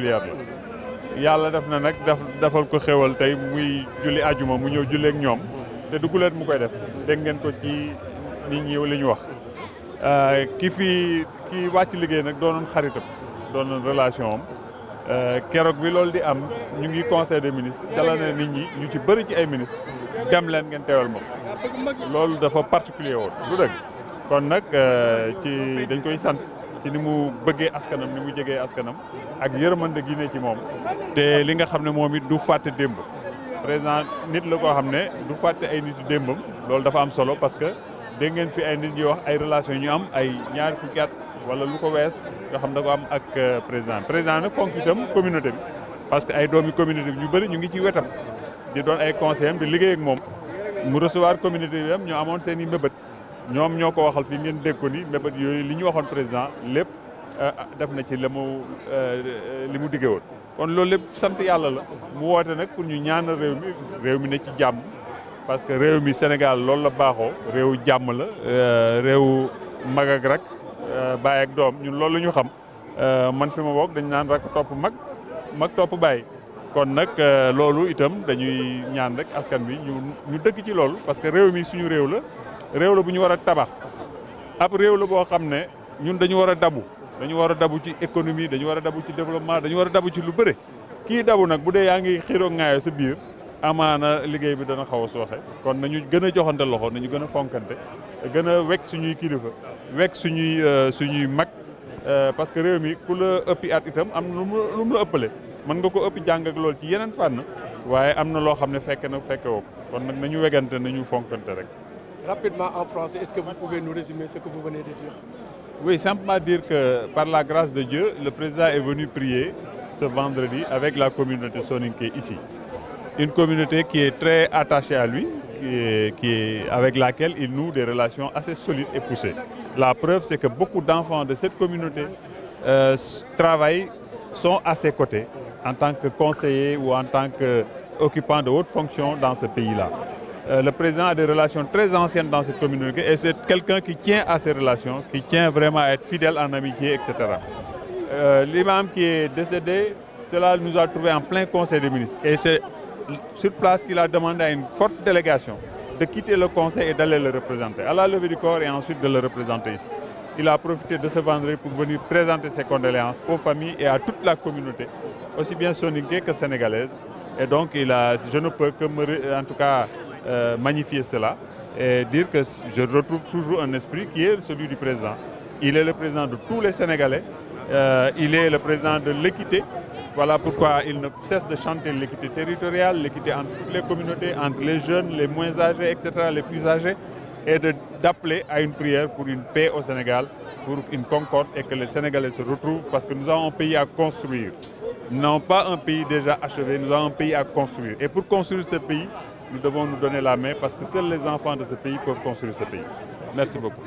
particulière la yàlla def na nag defal ko xéwal tey muy julli ajuma mu ñëw julleek ñoom te du guleet mu koy def dégg ngeen ko ci nit ñi li ñu wax euh, ki fi ki wàcc liggéey nag doonoon xaritam doonoon relation am euh, keroog bi loolu di am ñu ngi conseil de ministres ca la nit ñi ñu ci bëri ci ay ministres dem leen ngeen teewal ma loolu dafa particulier woon du dëgg kon nag euh, ci dañ koy sant ci ni mu bëggee askanam ni mu jegee askanam ak yërmande gi ne ci moom te li nga xam ne moom it du fàtte démb président nit la koo xam ne du fàtte ay nit démbam loolu dafa am solo parce que dégg ngeen fi ay nit yi wax ay relation ñu am ay ñaar fukki at wala lu ko wees yoo xam da ko am ak euh, président président nag fonk itam communauté bi parce que ay doomi communauté bi ñu bëri ñu ngi ci wetam di doon ay conseillers am di liggéey ak moom mu recevoir communauté bi am amoon seen i mbébét ñoom ñoo ko waxal fii ngeen dégg ko ni mébét yooyu li ñu waxoon président lépp euh, euh, def na ci la mu euh, li mu diggee woon kon loolu lépp sant yàlla la mu woote nag pour ñu ñaan réew mi réew mi ne ci jàmm parce que réew mi Sénégal loolu la baaxoo réewu jàmm la réewu mag ak rak baay ak doom ñun loolu la ñu xam man fi ma bokk dañu naan rak topp mag mag topp baay kon nag loolu itam dañuy ñaan rek askan bi ñu ñu dëkk ci loolu parce que réew mi suñu réew la réew bu ñu war a tabax ab réew la boo xam ne ñun dañu war a dabu dañu war a dabu ci économie dañu war a dabu ci développement dañu war a dabu ci lu bëre kii dabu nag bu dee yaa ngi xiiroo ŋaayoo sa biir amaana liggéey bi dana xaw a sooxe kon nañu gën a joxante loxo nañu gën a fonkante gën a wekk suñuy kilifa wekk suñuy euh, suñuy mag euh, parce que réew mi ku la ëppi at itam am na lu mu la ëppale mën nga ko ëpp jàng ak lool ci yeneen fànn waaye am na loo xam ne fekk na fekke woo kon nag nañu wegante nañu fonkante rek Rapidement en français, est-ce que vous pouvez nous résumer ce que vous venez de dire Oui, simplement dire que par la grâce de Dieu, le président est venu prier ce vendredi avec la communauté soninke ici. Une communauté qui est très attachée à lui, qui avec laquelle il noue des relations assez solides et poussées. La preuve, c'est que beaucoup d'enfants de cette communauté euh, travaillent, sont à ses côtés en tant que conseillers ou en tant qu'occupants de hautes fonctions dans ce pays-là. Euh, le président a des relations très anciennes dans cette communauté et c'est quelqu'un qui tient à ces relations, qui tient vraiment à être fidèle en amitié, etc. Euh, l'imam qui est décédé, cela nous a trouvé en plein conseil des ministres. Et c'est sur place qu'il a demandé à une forte délégation de quitter le conseil et d'aller le représenter, à la levée du corps et ensuite de le représenter ici. Il a profité de ce vendredi pour venir présenter ses condoléances aux familles et à toute la communauté, aussi bien sonique que sénégalaise. Et donc, il a, je ne peux que me, en tout cas, euh, magnifier cela et dire que je retrouve toujours un esprit qui est celui du président. Il est le président de tous les Sénégalais, euh, il est le président de l'équité. Voilà pourquoi il ne cesse de chanter l'équité territoriale, l'équité entre les communautés, entre les jeunes, les moins âgés, etc., les plus âgés, et d'appeler à une prière pour une paix au Sénégal, pour une concorde et que les Sénégalais se retrouvent parce que nous avons un pays à construire. non pas un pays déjà achevé, nous avons un pays à construire. Et pour construire ce pays, nous devons nous donner la main parce que seuls les enfants de ce pays peuvent construire ce pays. Merci beaucoup.